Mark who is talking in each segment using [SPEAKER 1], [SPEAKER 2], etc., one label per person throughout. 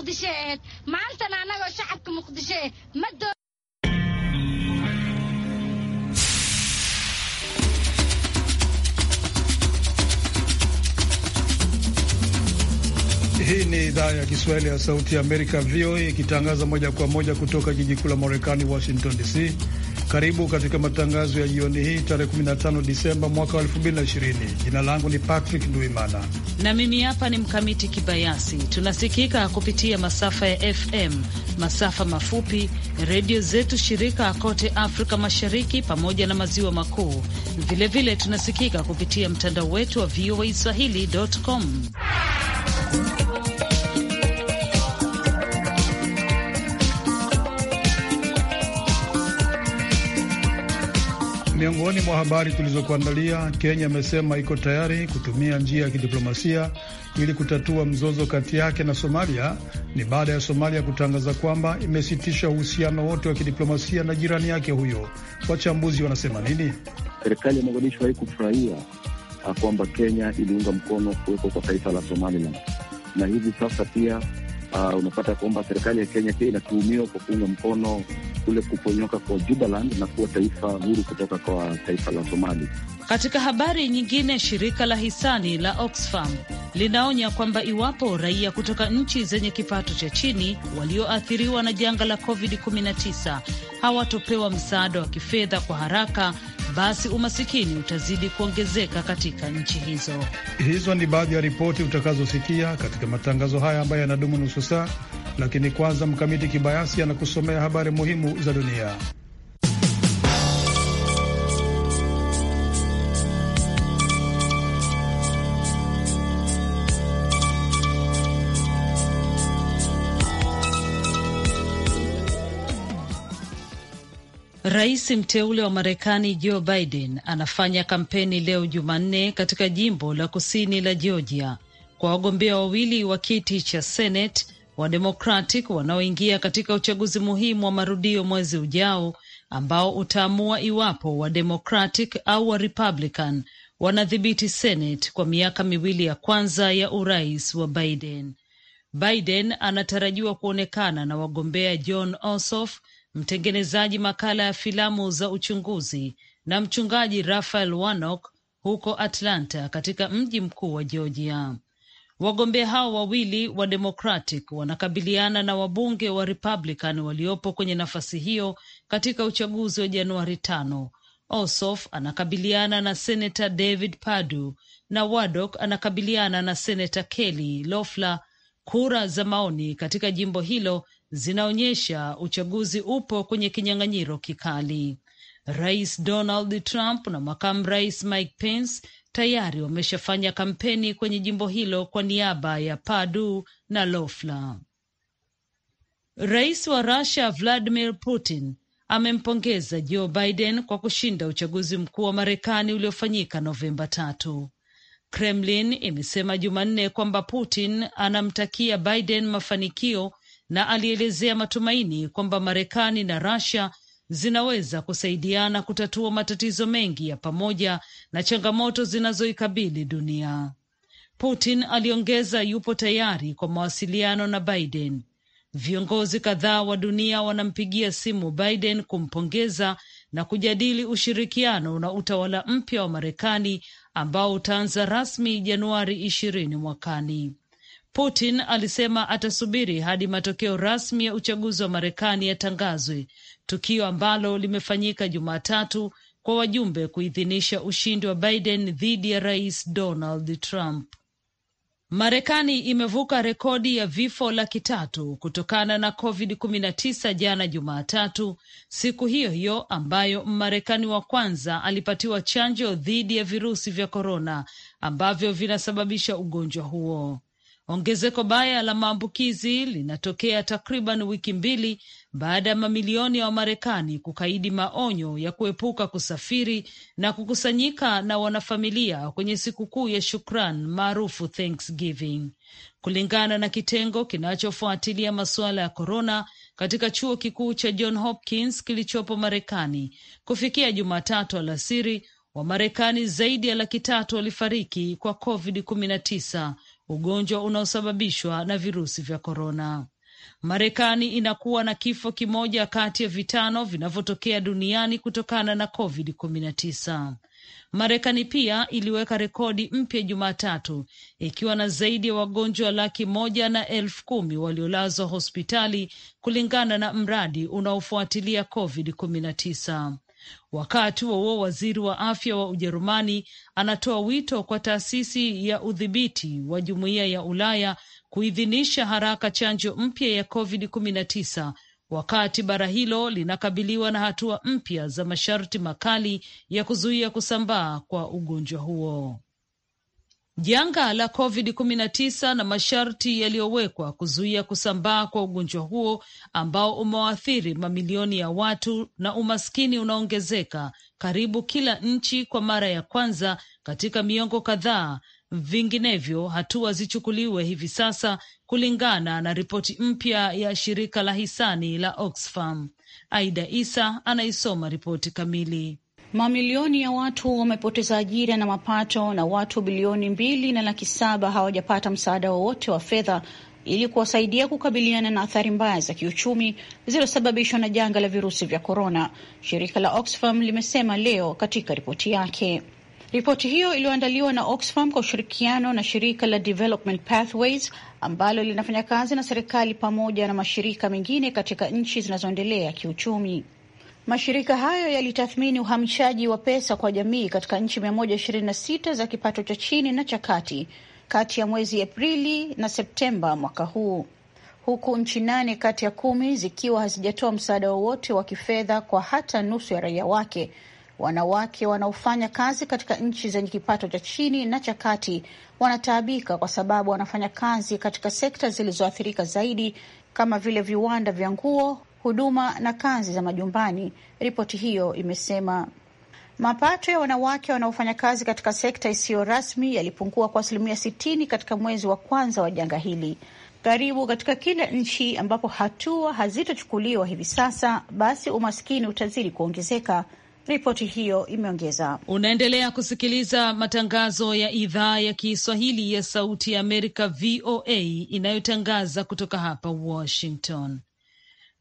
[SPEAKER 1] muqdisho ahayd maantana shacabka muqdisho ma
[SPEAKER 2] Hii ni idhaa ya Kiswahili ya Sauti ya Amerika, VOA, ikitangaza moja kwa moja kutoka jiji kuu la Marekani, Washington DC. Karibu katika matangazo ya jioni hii tarehe 15 Disemba mwaka 2020. Jina langu ni Patrick Nduimana
[SPEAKER 3] na mimi hapa ni Mkamiti Kibayasi. Tunasikika kupitia masafa ya FM, masafa mafupi, redio zetu shirika kote Afrika Mashariki pamoja na maziwa makuu. Vilevile tunasikika kupitia mtandao wetu wa VOA swahili.com
[SPEAKER 2] Miongoni mwa habari tulizokuandalia, Kenya imesema iko tayari kutumia njia ya kidiplomasia ili kutatua mzozo kati yake na Somalia. Ni baada ya Somalia kutangaza kwamba imesitisha uhusiano wote wa kidiplomasia na jirani yake huyo. Wachambuzi wanasema nini? Serikali ya Mogadishu haikufurahia
[SPEAKER 4] ah, kwamba Kenya iliunga mkono kuwepo kwa taifa la Somaliland, na hivi sasa pia uh, unapata kwamba serikali ya Kenya pia inatuhumiwa kwa kuunga mkono kule kuponyoka kwa Jubaland na kuwa taifa huru kutoka kwa taifa la Somali.
[SPEAKER 3] Katika habari nyingine, shirika la hisani la Oxfam linaonya kwamba iwapo raia kutoka nchi zenye kipato cha chini walioathiriwa na janga la COVID-19 hawatopewa msaada wa kifedha kwa haraka, basi umasikini utazidi kuongezeka katika nchi hizo.
[SPEAKER 2] Hizo ni baadhi ya ripoti utakazosikia katika matangazo haya ambayo yanadumu nusu saa, lakini kwanza Mkamiti Kibayasi anakusomea habari muhimu za dunia.
[SPEAKER 3] Rais mteule wa Marekani Joe Biden anafanya kampeni leo Jumanne katika jimbo la kusini la Georgia kwa wagombea wawili wa kiti cha Senate wa Democratic wanaoingia katika uchaguzi muhimu wa marudio mwezi ujao ambao utaamua iwapo wa Democratic au wa Republican wanadhibiti Senate kwa miaka miwili ya kwanza ya urais wa Biden. Biden anatarajiwa kuonekana na wagombea John Ossoff mtengenezaji makala ya filamu za uchunguzi na mchungaji rafael Warnock huko Atlanta katika mji mkuu wa Georgia. Wagombea hao wawili wa Democratic wanakabiliana na wabunge wa Republican waliopo kwenye nafasi hiyo katika uchaguzi wa Januari tano. Ossoff anakabiliana na Senata David Padu na Wadok anakabiliana na Senata Kelly Loeffler. Kura za maoni katika jimbo hilo zinaonyesha uchaguzi upo kwenye kinyang'anyiro kikali. Rais Donald Trump na makamu rais Mike Pence tayari wameshafanya kampeni kwenye jimbo hilo kwa niaba ya Padu na Lofla. Rais wa Russia Vladimir Putin amempongeza Joe Biden kwa kushinda uchaguzi mkuu wa Marekani uliofanyika Novemba tatu. Kremlin imesema Jumanne kwamba Putin anamtakia Biden mafanikio na alielezea matumaini kwamba Marekani na Russia zinaweza kusaidiana kutatua matatizo mengi ya pamoja na changamoto zinazoikabili dunia. Putin aliongeza yupo tayari kwa mawasiliano na Biden. Viongozi kadhaa wa dunia wanampigia simu Biden kumpongeza na kujadili ushirikiano na utawala mpya wa Marekani ambao utaanza rasmi Januari ishirini mwakani. Putin alisema atasubiri hadi matokeo rasmi ya uchaguzi wa Marekani yatangazwe, tukio ambalo limefanyika Jumatatu kwa wajumbe kuidhinisha ushindi wa Biden dhidi ya Rais Donald Trump. Marekani imevuka rekodi ya vifo laki tatu kutokana na COVID-19 jana Jumatatu, siku hiyo hiyo ambayo Mmarekani wa kwanza alipatiwa chanjo dhidi ya virusi vya korona ambavyo vinasababisha ugonjwa huo. Ongezeko baya la maambukizi linatokea takriban wiki mbili baada ya mamilioni ya Wamarekani kukaidi maonyo ya kuepuka kusafiri na kukusanyika na wanafamilia kwenye sikukuu ya Shukran maarufu Thanksgiving, kulingana na kitengo kinachofuatilia masuala ya korona katika chuo kikuu cha John Hopkins kilichopo Marekani. Kufikia Jumatatu alasiri, Wamarekani zaidi ya laki tatu walifariki kwa COVID-19 ugonjwa unaosababishwa na virusi vya korona. Marekani inakuwa na kifo kimoja kati ya vitano vinavyotokea duniani kutokana na COVID-19. Marekani pia iliweka rekodi mpya Jumatatu ikiwa na zaidi ya wagonjwa laki moja na elfu kumi waliolazwa hospitali kulingana na mradi unaofuatilia COVID-19. Wakati huo waziri wa afya wa Ujerumani anatoa wito kwa taasisi ya udhibiti wa jumuiya ya Ulaya kuidhinisha haraka chanjo mpya ya COVID-19 wakati bara hilo linakabiliwa na hatua mpya za masharti makali ya kuzuia kusambaa kwa ugonjwa huo. Janga la COVID-19 na masharti yaliyowekwa kuzuia kusambaa kwa ugonjwa huo ambao umewaathiri mamilioni ya watu na umaskini unaongezeka karibu kila nchi kwa mara ya kwanza katika miongo kadhaa. Vinginevyo, hatua zichukuliwe hivi sasa, kulingana na ripoti mpya ya shirika la hisani la Oxfam. Aida Isa anaisoma ripoti kamili.
[SPEAKER 1] Mamilioni ya watu wamepoteza ajira na mapato na watu bilioni mbili na laki saba hawajapata msaada wowote wa, wa fedha ili kuwasaidia kukabiliana na athari mbaya za kiuchumi zilizosababishwa na janga la virusi vya korona, shirika la Oxfam limesema leo katika ripoti yake. Ripoti hiyo iliyoandaliwa na Oxfam kwa ushirikiano na shirika la Development Pathways ambalo linafanya kazi na serikali pamoja na mashirika mengine katika nchi zinazoendelea kiuchumi. Mashirika hayo yalitathmini uhamishaji wa pesa kwa jamii katika nchi 126 za kipato cha chini na cha kati kati ya mwezi Aprili na Septemba mwaka huu, huku nchi nane kati ya kumi zikiwa hazijatoa msaada wowote wa kifedha kwa hata nusu ya raia wake wanawake wanaofanya kazi katika nchi zenye kipato cha chini na cha kati wanataabika kwa sababu wanafanya kazi katika sekta zilizoathirika zaidi kama vile viwanda vya nguo, huduma na kazi za majumbani, ripoti hiyo imesema. Mapato ya wanawake wanaofanya kazi katika sekta isiyo rasmi yalipungua kwa asilimia sitini katika mwezi wa kwanza wa janga hili. Karibu katika kila nchi ambapo hatua hazitochukuliwa hivi sasa, basi umaskini utazidi kuongezeka. Ripoti hiyo imeongeza.
[SPEAKER 3] Unaendelea kusikiliza matangazo ya idhaa ya Kiswahili ya Sauti ya Amerika, VOA, inayotangaza kutoka hapa Washington.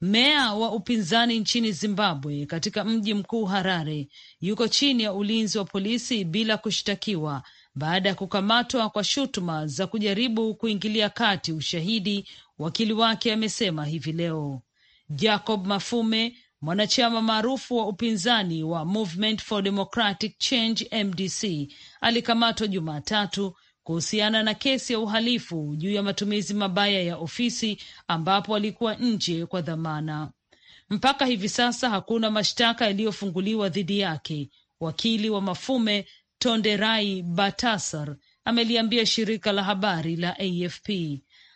[SPEAKER 3] Meya wa upinzani nchini Zimbabwe katika mji mkuu Harare yuko chini ya ulinzi wa polisi bila kushtakiwa baada ya kukamatwa kwa shutuma za kujaribu kuingilia kati ushahidi, wakili wake amesema hivi leo. Jacob Mafume, mwanachama maarufu wa upinzani wa Movement for Democratic Change MDC, alikamatwa Jumatatu kuhusiana na kesi ya uhalifu juu ya matumizi mabaya ya ofisi ambapo alikuwa nje kwa dhamana. Mpaka hivi sasa hakuna mashtaka yaliyofunguliwa dhidi yake. Wakili wa Mafume Tonderai Batasar ameliambia shirika la habari la AFP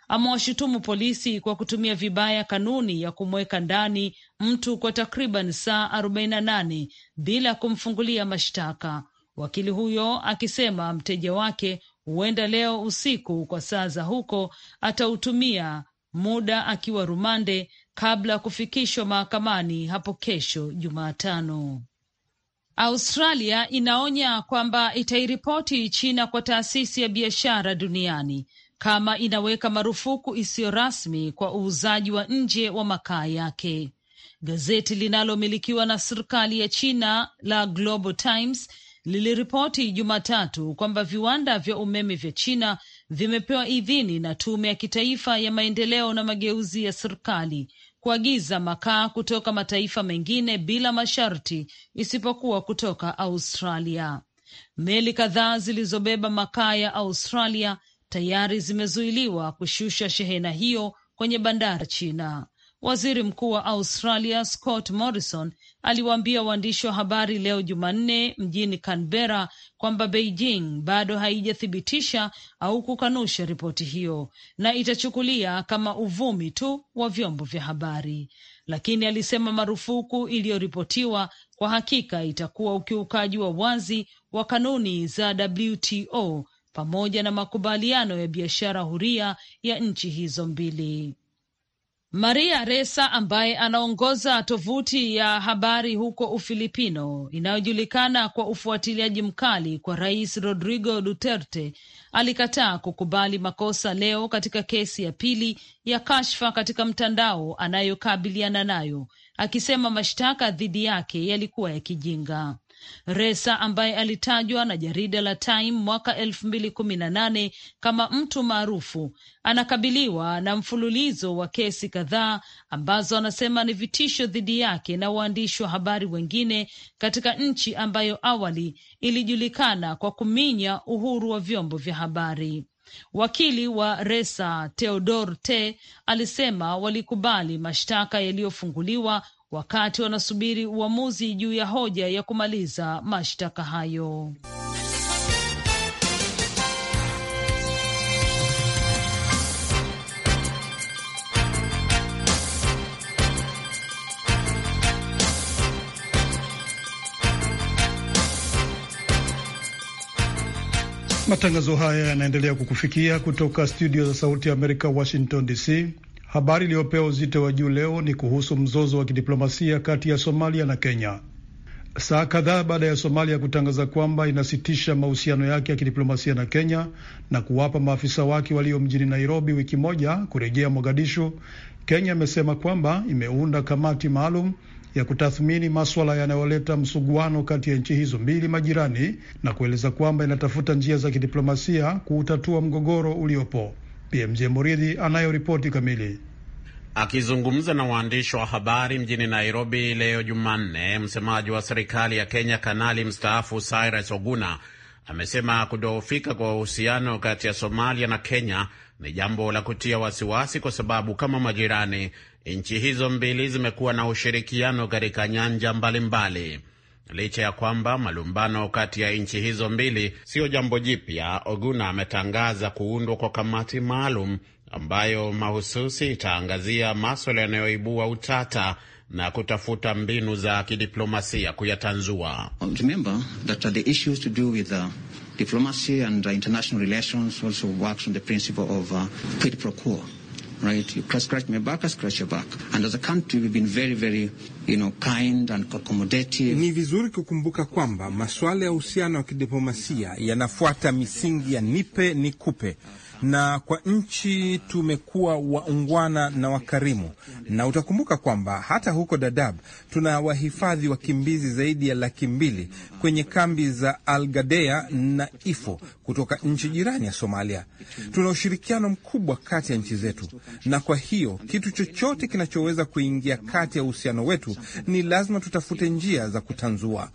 [SPEAKER 3] amewashutumu polisi kwa kutumia vibaya kanuni ya kumweka ndani mtu kwa takriban saa 48 bila kumfungulia mashtaka, wakili huyo akisema mteja wake huenda leo usiku kwa saa za huko atautumia muda akiwa rumande kabla ya kufikishwa mahakamani hapo kesho Jumatano. Australia inaonya kwamba itairipoti China kwa taasisi ya biashara duniani kama inaweka marufuku isiyo rasmi kwa uuzaji wa nje wa makaa yake. Gazeti linalomilikiwa na serikali ya China la Global Times liliripoti Jumatatu kwamba viwanda vya umeme vya China vimepewa idhini na Tume ya Kitaifa ya Maendeleo na Mageuzi ya Serikali kuagiza makaa kutoka mataifa mengine bila masharti isipokuwa kutoka Australia. Meli kadhaa zilizobeba makaa ya Australia tayari zimezuiliwa kushusha shehena hiyo kwenye bandari China. Waziri Mkuu wa Australia Scott Morrison aliwaambia waandishi wa habari leo Jumanne mjini Canberra kwamba Beijing bado haijathibitisha au kukanusha ripoti hiyo na itachukulia kama uvumi tu wa vyombo vya habari, lakini alisema marufuku iliyoripotiwa kwa hakika itakuwa ukiukaji wa wazi wa kanuni za WTO pamoja na makubaliano ya biashara huria ya nchi hizo mbili. Maria Ressa ambaye anaongoza tovuti ya habari huko Ufilipino inayojulikana kwa ufuatiliaji mkali kwa Rais Rodrigo Duterte alikataa kukubali makosa leo katika kesi ya pili ya kashfa katika mtandao anayokabiliana nayo akisema mashtaka dhidi yake yalikuwa ya kijinga. Resa ambaye alitajwa na jarida la Time mwaka elfu mbili kumi na nane kama mtu maarufu anakabiliwa na mfululizo wa kesi kadhaa ambazo anasema ni vitisho dhidi yake na waandishi wa habari wengine katika nchi ambayo awali ilijulikana kwa kuminya uhuru wa vyombo vya habari. Wakili wa Resa teodor Te alisema walikubali mashtaka yaliyofunguliwa wakati wanasubiri uamuzi juu ya hoja ya kumaliza mashtaka hayo.
[SPEAKER 2] Matangazo haya yanaendelea kukufikia kutoka studio za Sauti ya Amerika, Washington DC. Habari iliyopewa uzito wa juu leo ni kuhusu mzozo wa kidiplomasia kati ya Somalia na Kenya. Saa kadhaa baada ya Somalia kutangaza kwamba inasitisha mahusiano yake ya kidiplomasia na Kenya na kuwapa maafisa wake walio mjini Nairobi wiki moja kurejea Mogadishu, Kenya imesema kwamba imeunda kamati maalum ya kutathmini maswala yanayoleta msuguano kati ya nchi hizo mbili majirani na kueleza kwamba inatafuta njia za kidiplomasia kuutatua mgogoro uliopo. BMJ Muridhi anayoripoti kamili.
[SPEAKER 5] Akizungumza na waandishi wa habari mjini Nairobi leo Jumanne, msemaji wa serikali ya Kenya kanali mstaafu Cyrus Oguna amesema kudhoofika kwa uhusiano kati ya Somalia na Kenya ni jambo la kutia wasiwasi, kwa sababu kama majirani, nchi hizo mbili zimekuwa na ushirikiano katika nyanja mbalimbali mbali. Licha ya kwamba malumbano kati ya nchi hizo mbili siyo jambo jipya, Oguna ametangaza kuundwa kwa kamati maalum ambayo mahususi itaangazia maswala yanayoibua utata na kutafuta mbinu za kidiplomasia kuyatanzua. Uh, diplomacy and uh, international relations also works on the principle of uh, quid pro quo right? You scratch, scratch my back, I scratch your back. And as a country, we've been very, very, you know, kind and accommodative. Ni
[SPEAKER 6] vizuri kukumbuka kwamba masuala ya uhusiano wa kidiplomasia yanafuata misingi ya nipe ni kupe na kwa nchi tumekuwa waungwana na wakarimu, na utakumbuka kwamba hata huko dadab tuna wahifadhi wakimbizi zaidi ya laki mbili kwenye kambi za Algadea na Ifo kutoka nchi jirani ya Somalia. Tuna ushirikiano mkubwa kati ya nchi zetu, na kwa hiyo kitu chochote kinachoweza kuingia kati ya uhusiano wetu ni lazima tutafute njia za kutanzua,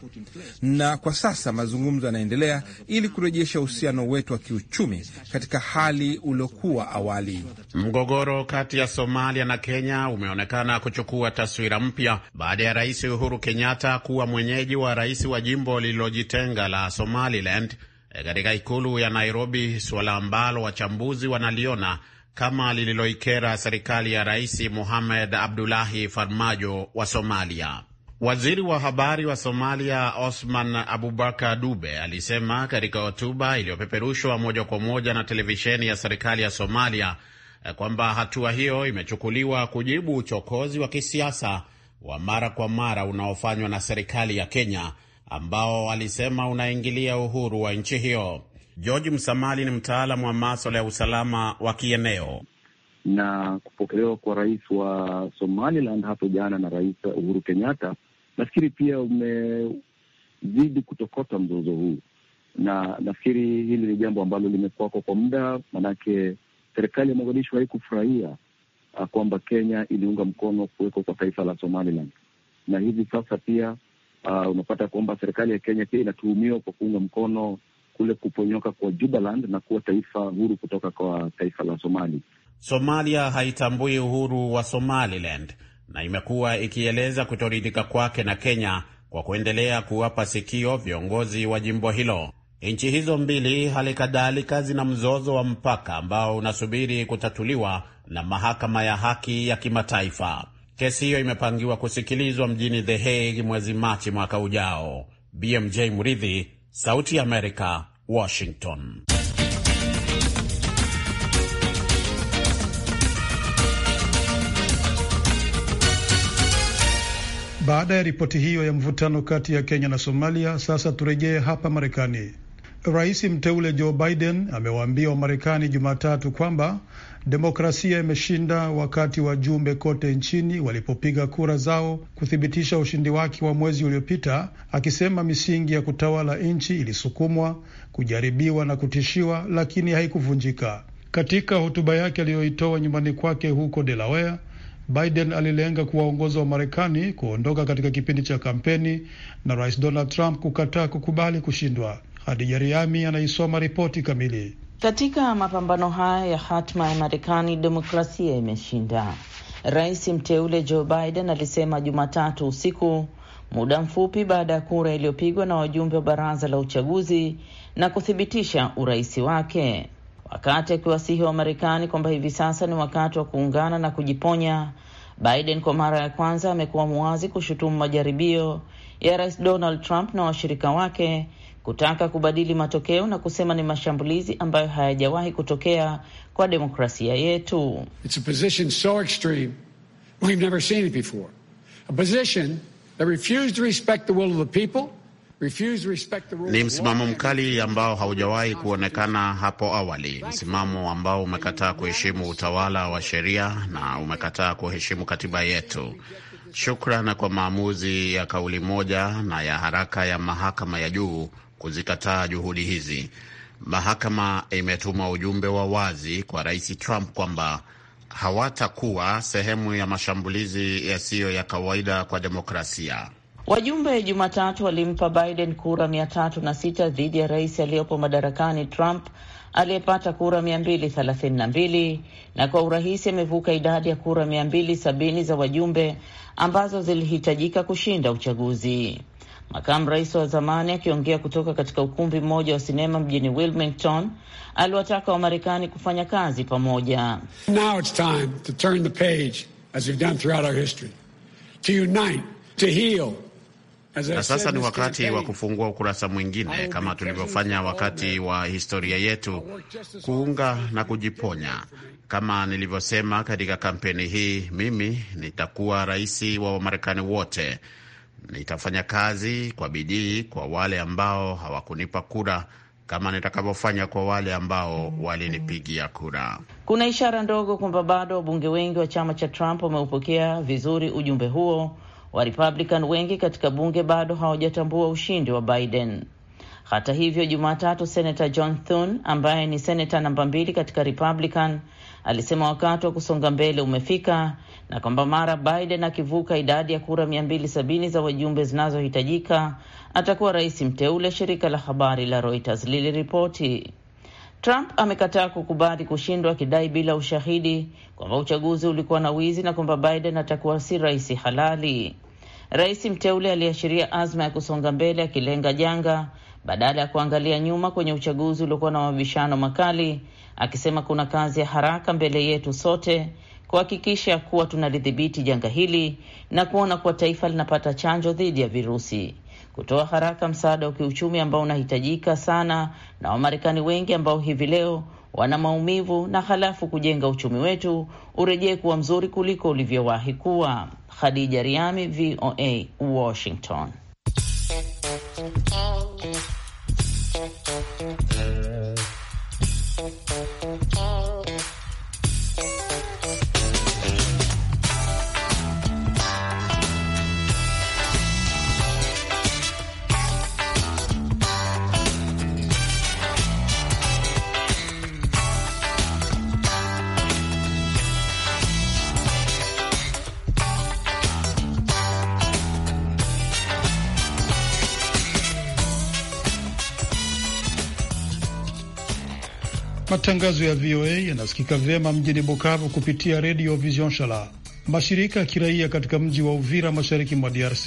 [SPEAKER 6] na kwa sasa mazungumzo yanaendelea ili kurejesha uhusiano wetu wa kiuchumi katika hali hali uliokuwa awali.
[SPEAKER 5] Mgogoro kati ya Somalia na Kenya umeonekana kuchukua taswira mpya baada ya Rais Uhuru Kenyatta kuwa mwenyeji wa rais wa jimbo lililojitenga la Somaliland eh, katika ikulu ya Nairobi, suala ambalo wachambuzi wanaliona kama lililoikera serikali ya Rais Mohamed Abdullahi Farmajo wa Somalia. Waziri wa habari wa Somalia Osman Abubakar Dube alisema katika hotuba iliyopeperushwa moja kwa moja na televisheni ya serikali ya Somalia eh, kwamba hatua hiyo imechukuliwa kujibu uchokozi wa kisiasa wa mara kwa mara unaofanywa na serikali ya Kenya ambao alisema unaingilia uhuru wa nchi hiyo. George Msamali ni mtaalamu wa maswala ya usalama wa kieneo. Na
[SPEAKER 4] kupokelewa kwa rais wa Somaliland hapo jana
[SPEAKER 5] na Rais Uhuru Kenyatta nafikiri
[SPEAKER 4] pia umezidi kutokota mzozo huu, na nafikiri hili ni jambo ambalo limekuwako kwa muda, maanake serikali ya Mogadishu haikufurahia ah, kwamba Kenya iliunga mkono kuweko kwa taifa la Somaliland, na hivi sasa pia uh, unapata kwamba serikali ya Kenya pia inatuhumiwa kwa kuunga mkono kule kuponyoka kwa Jubaland na kuwa taifa huru kutoka kwa taifa la Somali.
[SPEAKER 5] Somalia haitambui uhuru wa Somaliland na imekuwa ikieleza kutoridhika kwake na Kenya kwa kuendelea kuwapa sikio viongozi wa jimbo hilo. Nchi hizo mbili hali kadhalika zina mzozo wa mpaka ambao unasubiri kutatuliwa na mahakama ya haki ya kimataifa. Kesi hiyo imepangiwa kusikilizwa mjini The Hague mwezi Machi mwaka ujao. BMJ Mridhi, Sauti ya Amerika, Washington.
[SPEAKER 2] Baada ya ripoti hiyo ya mvutano kati ya Kenya na Somalia, sasa turejee hapa Marekani. Rais mteule Joe Biden amewaambia Wamarekani Jumatatu kwamba demokrasia imeshinda wakati wajumbe kote nchini walipopiga kura zao kuthibitisha ushindi wake wa mwezi uliopita, akisema misingi ya kutawala nchi ilisukumwa, kujaribiwa na kutishiwa, lakini haikuvunjika. Katika hotuba yake aliyoitoa nyumbani kwake huko Delaware, Biden alilenga kuwaongoza Wamarekani kuondoka katika kipindi cha kampeni na Rais Donald Trump kukataa kukubali kushindwa. Hadija Riami anaisoma ripoti kamili.
[SPEAKER 7] Katika mapambano haya ya hatma ya Marekani, demokrasia imeshinda. Rais mteule Joe Biden alisema Jumatatu usiku, muda mfupi baada ya kura iliyopigwa na wajumbe wa baraza la uchaguzi na kuthibitisha urais wake wakati akiwasihi wa Marekani kwamba hivi sasa ni wakati wa kuungana na kujiponya. Biden kwa mara ya kwanza amekuwa muwazi kushutumu majaribio ya Rais Donald Trump na washirika wake kutaka kubadili matokeo na kusema ni mashambulizi ambayo hayajawahi kutokea kwa demokrasia yetu.
[SPEAKER 5] It's a position so extreme we've never seen it before. A position that refused to respect the will of the people ni msimamo mkali ambao haujawahi kuonekana hapo awali, msimamo ambao umekataa kuheshimu utawala wa sheria na umekataa kuheshimu katiba yetu. Shukran kwa maamuzi ya kauli moja na ya haraka ya mahakama ya juu kuzikataa juhudi hizi. Mahakama imetuma ujumbe wa wazi kwa Rais Trump kwamba hawatakuwa sehemu ya mashambulizi yasiyo ya kawaida kwa demokrasia.
[SPEAKER 7] Wajumbe Jumatatu walimpa Biden kura mia tatu na sita dhidi ya rais aliyopo madarakani Trump aliyepata kura mia mbili thelathini na mbili na kwa urahisi amevuka idadi ya kura mia mbili sabini za wajumbe ambazo zilihitajika kushinda uchaguzi. Makamu rais wa zamani akiongea kutoka katika ukumbi mmoja wa sinema mjini Wilmington aliwataka Wamarekani kufanya kazi pamoja.
[SPEAKER 6] Now it's time to turn the page, as we've done throughout our history, to unite, to heal
[SPEAKER 5] na sasa ni wakati wa kufungua ukurasa mwingine, kama tulivyofanya wakati wa historia yetu, kuunga na kujiponya. Kama nilivyosema katika kampeni hii, mimi nitakuwa rais wa Wamarekani wote. Nitafanya kazi kwa bidii kwa wale ambao hawakunipa kura kama nitakavyofanya kwa wale ambao walinipigia kura.
[SPEAKER 7] Kuna ishara ndogo kwamba bado wabunge wengi wa chama cha Trump wameupokea vizuri ujumbe huo Republican wengi katika bunge bado hawajatambua ushindi wa Biden. Hata hivyo, Jumatatu, Senator John Thune ambaye ni senata namba mbili katika Republican alisema wakati wa kusonga mbele umefika na kwamba mara Biden akivuka idadi ya kura 270 za wajumbe zinazohitajika atakuwa rais mteule, shirika la habari la Reuters liliripoti. Trump amekataa kukubali kushindwa, akidai bila ushahidi kwamba uchaguzi ulikuwa na wizi na kwamba Biden atakuwa si rais halali. Rais mteule aliashiria azma ya kusonga mbele, akilenga janga badala ya kuangalia nyuma kwenye uchaguzi uliokuwa na mabishano makali, akisema kuna kazi ya haraka mbele yetu sote kuhakikisha kuwa tunalidhibiti janga hili na kuona kuwa taifa linapata chanjo dhidi ya virusi kutoa haraka msaada wa kiuchumi ambao unahitajika sana na Wamarekani wengi ambao hivi leo wana maumivu, na halafu kujenga uchumi wetu urejee kuwa mzuri kuliko ulivyowahi kuwa. Khadija Riami, VOA, Washington.
[SPEAKER 2] Matangazo ya VOA yanasikika vyema mjini Bukavu kupitia redio Vision Shala. Mashirika ya kiraia katika mji wa Uvira mashariki mwa DRC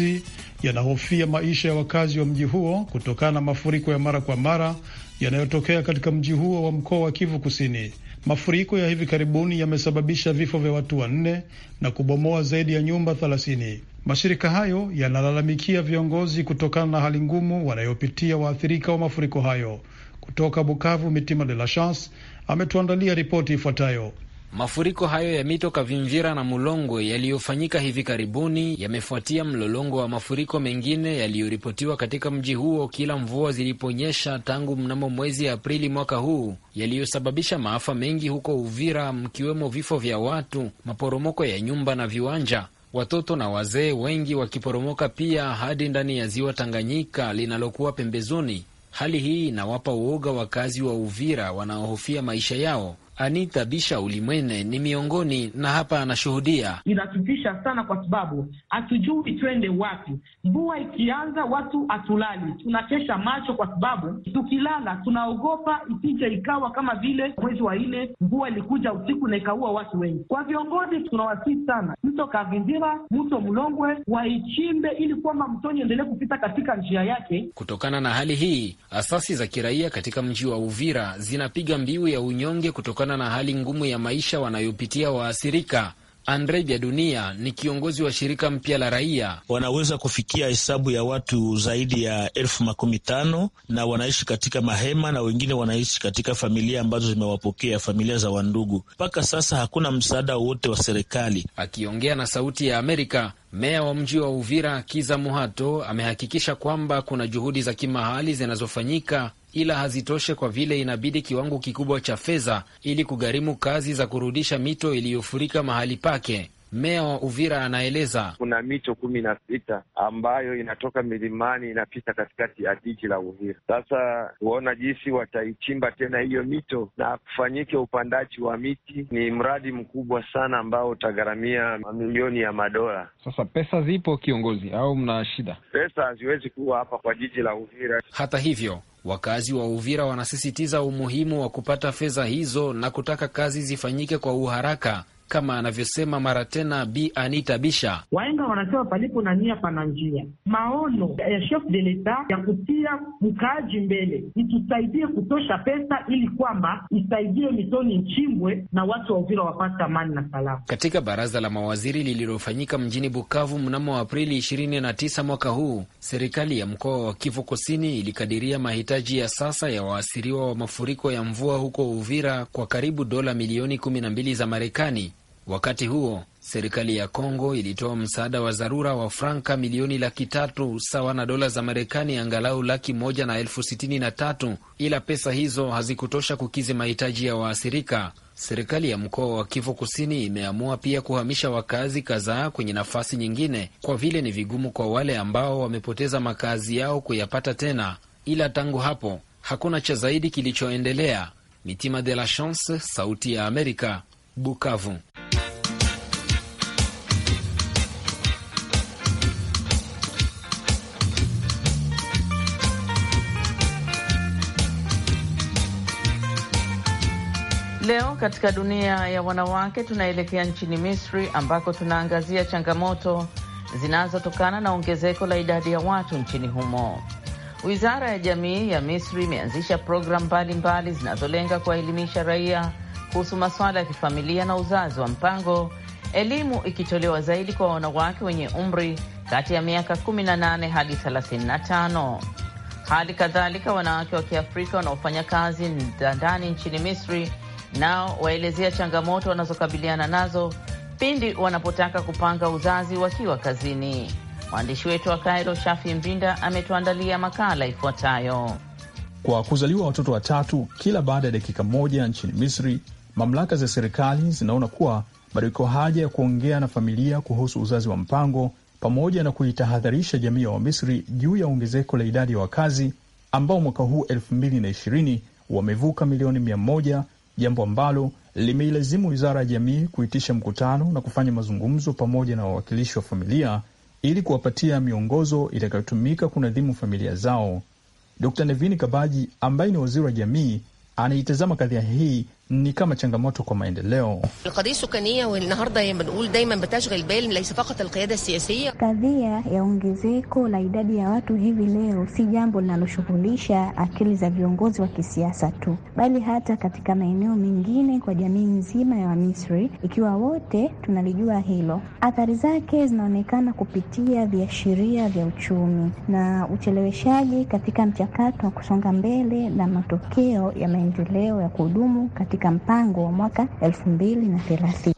[SPEAKER 2] yanahofia maisha ya wakazi wa mji huo kutokana na mafuriko ya mara kwa mara yanayotokea katika mji huo wa mkoa wa Kivu Kusini. Mafuriko ya hivi karibuni yamesababisha vifo vya watu wanne na kubomoa zaidi ya nyumba thelathini. Mashirika hayo yanalalamikia viongozi kutokana na hali ngumu wanayopitia waathirika wa mafuriko hayo. Kutoka Bukavu, Mitima de la Chance ametuandalia ripoti ifuatayo.
[SPEAKER 4] Mafuriko hayo ya mito Kavimvira na Mulongwe yaliyofanyika hivi karibuni yamefuatia mlolongo wa mafuriko mengine yaliyoripotiwa katika mji huo kila mvua ziliponyesha tangu mnamo mwezi Aprili mwaka huu, yaliyosababisha maafa mengi huko Uvira, mkiwemo vifo vya watu, maporomoko ya nyumba na viwanja, watoto na wazee wengi wakiporomoka pia hadi ndani ya ziwa Tanganyika linalokuwa pembezoni Hali hii inawapa uoga wakazi wa Uvira wanaohofia maisha yao Anita Bisha Ulimwene ni miongoni na hapa anashuhudia.
[SPEAKER 3] Inatutisha sana kwa sababu hatujui twende wapi. Mvua ikianza watu hatulali, tunakesha macho kwa sababu tukilala tunaogopa isije ikawa kama vile mwezi wa nne mvua ilikuja usiku na ikaua watu wengi. Kwa viongozi,
[SPEAKER 4] tunawasihi sana mto kavindira mto Mlongwe waichimbe ili kwamba mtoni endelee kupita katika njia yake. Kutokana na hali hii, asasi za kiraia katika mji wa Uvira zinapiga mbiu ya unyonge kutokana kutokana na hali ngumu ya maisha wanayopitia waathirika. Andre Bya Dunia ni kiongozi wa shirika mpya la raia.
[SPEAKER 5] Wanaweza kufikia hesabu ya watu zaidi ya elfu makumi tano na wanaishi katika mahema na wengine wanaishi katika familia ambazo zimewapokea familia za wandugu. Mpaka sasa hakuna msaada wowote wa serikali.
[SPEAKER 4] Akiongea na Sauti ya Amerika, meya wa mji wa Uvira Kiza Muhato amehakikisha kwamba kuna juhudi za kimahali zinazofanyika ila hazitoshe kwa vile inabidi kiwango kikubwa cha fedha ili kugharimu kazi za kurudisha mito iliyofurika mahali pake. Meya wa Uvira anaeleza kuna mito kumi na sita ambayo inatoka milimani inapita katikati ya jiji la Uvira. Sasa huona jinsi wataichimba tena hiyo mito na kufanyike upandaji wa miti, ni mradi mkubwa sana ambao utagharamia mamilioni ya madola. Sasa pesa zipo, kiongozi, au mna shida? Pesa haziwezi kuwa hapa kwa jiji la Uvira. Hata hivyo Wakazi wa Uvira wanasisitiza umuhimu wa kupata fedha hizo na kutaka kazi zifanyike kwa uharaka kama anavyosema mara tena Bi Anita Bisha. Waenga wanasema palipo na nia pana njia. Maono ya chef de leta ya kutia mkaaji mbele itusaidie kutosha pesa ili kwamba isaidie mitoni nchimbwe na watu wa Uvira wapate amani na salama. Katika baraza la mawaziri lililofanyika mjini Bukavu mnamo Aprili 29 mwaka huu, serikali ya mkoa wa Kivu Kusini ilikadiria mahitaji ya sasa ya waasiriwa wa mafuriko ya mvua huko Uvira kwa karibu dola milioni 12 za Marekani Wakati huo serikali ya Kongo ilitoa msaada wa dharura wa franka milioni laki tatu sawa na dola za Marekani angalau laki moja na elfu sitini na tatu ila pesa hizo hazikutosha kukizi mahitaji ya waathirika. Serikali ya mkoa wa Kivu Kusini imeamua pia kuhamisha wakazi kadhaa kwenye nafasi nyingine, kwa vile ni vigumu kwa wale ambao wamepoteza makazi yao kuyapata tena. Ila tangu hapo hakuna cha zaidi kilichoendelea. Mitima de la Chance, Sauti ya Amerika, Bukavu.
[SPEAKER 7] Leo katika dunia ya wanawake tunaelekea nchini Misri ambako tunaangazia changamoto zinazotokana na ongezeko la idadi ya watu nchini humo. Wizara ya Jamii ya Misri imeanzisha programu mbalimbali zinazolenga kuwaelimisha raia kuhusu masuala ya kifamilia na uzazi wa mpango, elimu ikitolewa zaidi kwa wanawake wenye umri kati ya miaka 18 hadi 35. Hali kadhalika wanawake wa Kiafrika wanaofanya kazi ndani nchini Misri nao waelezea changamoto wanazokabiliana nazo pindi wanapotaka kupanga uzazi wakiwa kazini. Mwandishi wetu wa Kairo, Shafi Mbinda, ametuandalia makala ifuatayo.
[SPEAKER 6] Kwa kuzaliwa watoto watatu kila baada ya dakika moja nchini Misri, mamlaka za serikali zinaona kuwa bado iko haja ya kuongea na familia kuhusu uzazi wa mpango pamoja na kuitahadharisha jamii ya Wamisri juu ya ongezeko la idadi ya wakazi ambao mwaka huu 2020 wamevuka milioni jambo ambalo limeilazimu wizara ya jamii kuitisha mkutano na kufanya mazungumzo pamoja na wawakilishi wa familia ili kuwapatia miongozo itakayotumika kunadhimu familia zao. d Nevin Kabaji ambaye ni waziri wa jamii anaitazama kadhia hii ni kama changamoto kwa maendeleo.
[SPEAKER 8] Kadhia ya ongezeko la idadi ya watu hivi leo si jambo linaloshughulisha akili za viongozi wa kisiasa tu, bali hata katika maeneo mengine kwa jamii nzima ya Wamisri. Ikiwa wote tunalijua hilo, athari zake zinaonekana kupitia viashiria vya uchumi na ucheleweshaji katika mchakato wa kusonga mbele na matokeo ya maendeleo ya kudumu katika katika mpango wa mwaka elfu mbili na thelathini.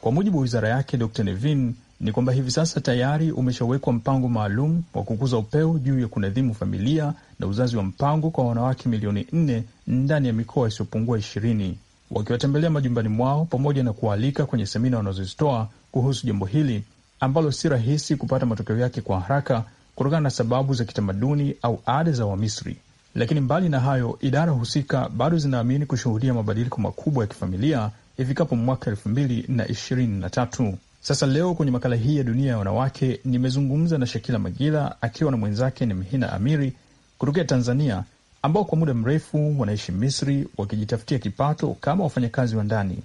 [SPEAKER 6] Kwa mujibu wa wizara yake, Dr Nevin, ni kwamba hivi sasa tayari umeshawekwa mpango maalum wa kukuza upeo juu ya kunadhimu familia na uzazi wa mpango kwa wanawake milioni nne ndani ya mikoa isiyopungua ishirini wakiwatembelea majumbani mwao pamoja na kuwaalika kwenye semina wanazozitoa kuhusu jambo hili ambalo si rahisi kupata matokeo yake kwa haraka kutokana na sababu za kitamaduni au ada za Wamisri. Lakini mbali na hayo, idara husika bado zinaamini kushuhudia mabadiliko makubwa ya kifamilia ifikapo mwaka elfu mbili na ishirini na tatu. Sasa leo kwenye makala hii ya dunia ya wanawake nimezungumza na Shakila Magila akiwa na mwenzake ni Mhina Amiri kutokea Tanzania, ambao kwa muda mrefu wanaishi Misri wakijitafutia kipato kama wafanyakazi wa ndani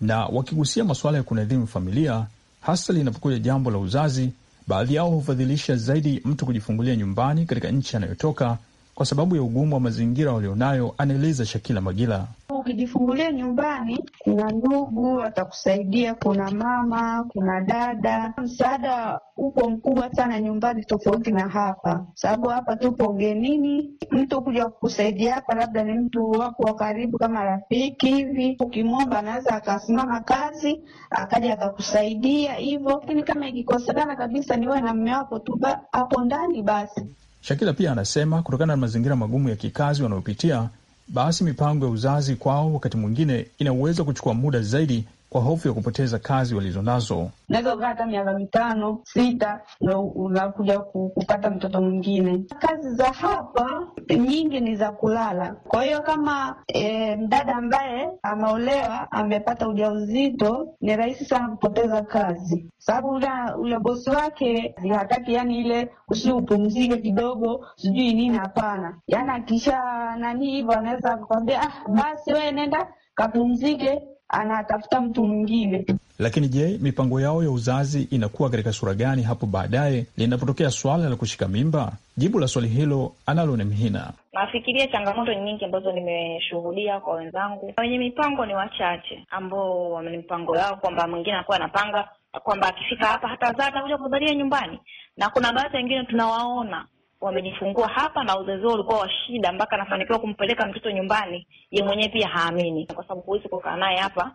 [SPEAKER 6] na wakigusia masuala ya kunadhimu familia, hasa linapokuja jambo la uzazi. Baadhi yao hufadhilisha zaidi mtu kujifungulia nyumbani katika nchi anayotoka kwa sababu ya ugumu wa mazingira walionayo, anaeleza Shakila Magila.
[SPEAKER 1] Ukijifungulia nyumbani, kuna ndugu watakusaidia, kuna mama, kuna dada. Msaada uko mkubwa sana nyumbani, tofauti na hapa, sababu hapa tupo ugenini. Mtu kuja kukusaidia hapa, labda ni mtu wako wa karibu kama rafiki hivi, ukimwomba anaweza akasimama kazi akaja akakusaidia hivyo, lakini kama ikikosekana kabisa, niwe na mme wako tu hapo ndani basi
[SPEAKER 6] Shakila pia anasema kutokana na mazingira magumu ya kikazi wanayopitia, basi mipango ya uzazi kwao wakati mwingine inaweza kuchukua muda zaidi kwa hofu ya kupoteza kazi walizonazo.
[SPEAKER 1] Unaweza kukaa hata miaka mitano sita, na unakuja kupata mtoto mwingine. Kazi za hapa nyingi ni za kulala. Kwa hiyo kama e, mdada ambaye ameolewa amepata ujauzito, ni rahisi sana kupoteza kazi, sababu ule bosi wake hataki yani ile usi upumzike kidogo, sijui nini. Hapana, yani akisha nani hivyo, anaweza kukwambia ah, basi wewe nenda kapumzike anatafuta mtu mwingine.
[SPEAKER 6] Lakini je, mipango yao ya uzazi inakuwa katika sura gani hapo baadaye linapotokea swala la kushika mimba? Jibu la swali hilo analo ni Mhina.
[SPEAKER 8] Nafikiria changamoto nyingi ambazo nimeshuhudia kwa wenzangu wenye mipango ni wachache, ambao wana mipango yao kwamba mwingine anakuwa anapanga kwamba akifika hapa hata zaa atakuja kuzalia nyumbani, na kuna baadhi wengine tunawaona wamejifungua hapa na uzazi wao ulikuwa wa shida, mpaka anafanikiwa kumpeleka mtoto nyumbani, ye mwenyewe pia haamini, kwa sababu huwezi kukaa naye hapa.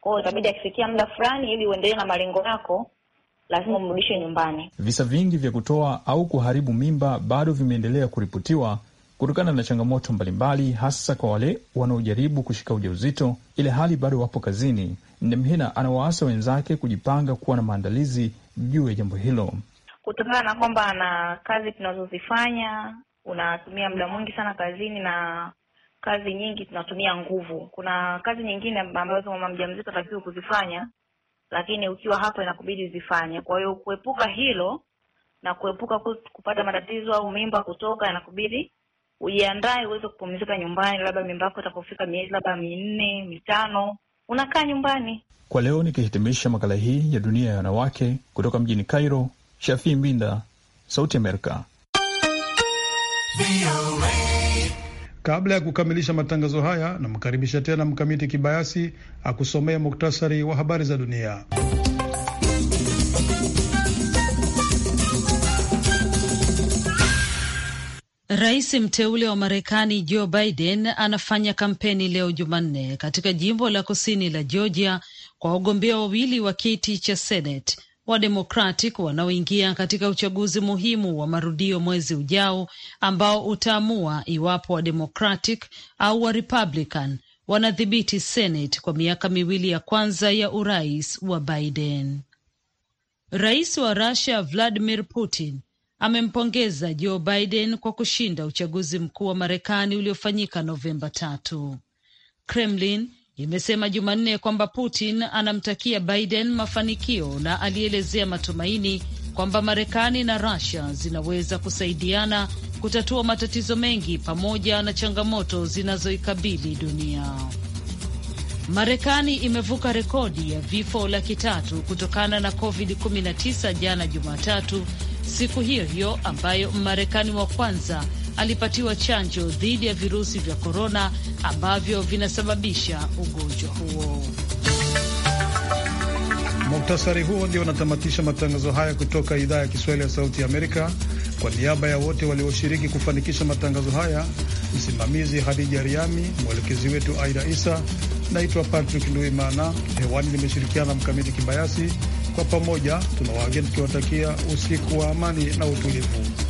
[SPEAKER 8] Kwa hiyo itabidi akifikia muda fulani, ili uendelee na malengo yako, lazima umrudishe nyumbani.
[SPEAKER 6] Visa vingi vya kutoa au kuharibu mimba bado vimeendelea kuripotiwa kutokana na changamoto mbalimbali, hasa kwa wale wanaojaribu kushika ujauzito ile hali bado wapo kazini. Nemhina anawaasa wenzake kujipanga kuwa na maandalizi juu ya jambo hilo
[SPEAKER 8] kutokana na kwamba na kazi tunazozifanya unatumia muda mwingi sana kazini na kazi nyingi tunatumia nguvu. Kuna kazi nyingine ambazo mama mjamzito atakiwa kuzifanya, lakini ukiwa hapo inakubidi uzifanye. Kwa hiyo kuepuka hilo na kuepuka kupata matatizo au mimba kutoka, inakubidi ujiandae uweze kupumzika nyumbani, labda mimba yako itakofika miezi labda minne mitano, unakaa nyumbani.
[SPEAKER 6] Kwa leo nikihitimisha makala hii ya dunia ya wanawake kutoka mjini Cairo, Shafi Mbinda, Sauti Amerika.
[SPEAKER 2] Kabla ya kukamilisha matangazo haya, namkaribisha tena Mkamiti Kibayasi akusomea muktasari wa habari za dunia.
[SPEAKER 3] Rais mteule wa Marekani Joe Biden anafanya kampeni leo Jumanne katika jimbo la kusini la Georgia kwa wagombea wawili wa kiti cha Senate wa Democratic wanaoingia katika uchaguzi muhimu wa marudio mwezi ujao ambao utaamua iwapo wa Democratic au wa Republican wanadhibiti Senate kwa miaka miwili ya kwanza ya urais wa Biden. Rais wa Russia Vladimir Putin amempongeza Joe Biden kwa kushinda uchaguzi mkuu wa Marekani uliofanyika Novemba tatu. Kremlin imesema Jumanne kwamba Putin anamtakia Biden mafanikio na alielezea matumaini kwamba Marekani na rusia zinaweza kusaidiana kutatua matatizo mengi pamoja na changamoto zinazoikabili dunia. Marekani imevuka rekodi ya vifo laki tatu kutokana na COVID-19 jana Jumatatu, siku hiyo hiyo ambayo Mmarekani wa kwanza alipatiwa chanjo dhidi ya virusi vya korona ambavyo vinasababisha ugonjwa huo.
[SPEAKER 2] Muktasari huo ndio unatamatisha matangazo haya kutoka idhaa ya Kiswahili ya Sauti Amerika. Kwa niaba ya wote walioshiriki kufanikisha matangazo haya, msimamizi Hadija Riami, mwelekezi wetu Aida Isa. Naitwa Patrick Nduimana, hewani limeshirikiana Mkamiti Kibayasi. Kwa pamoja tuna tukiwatakia usiku wa amani na utulivu.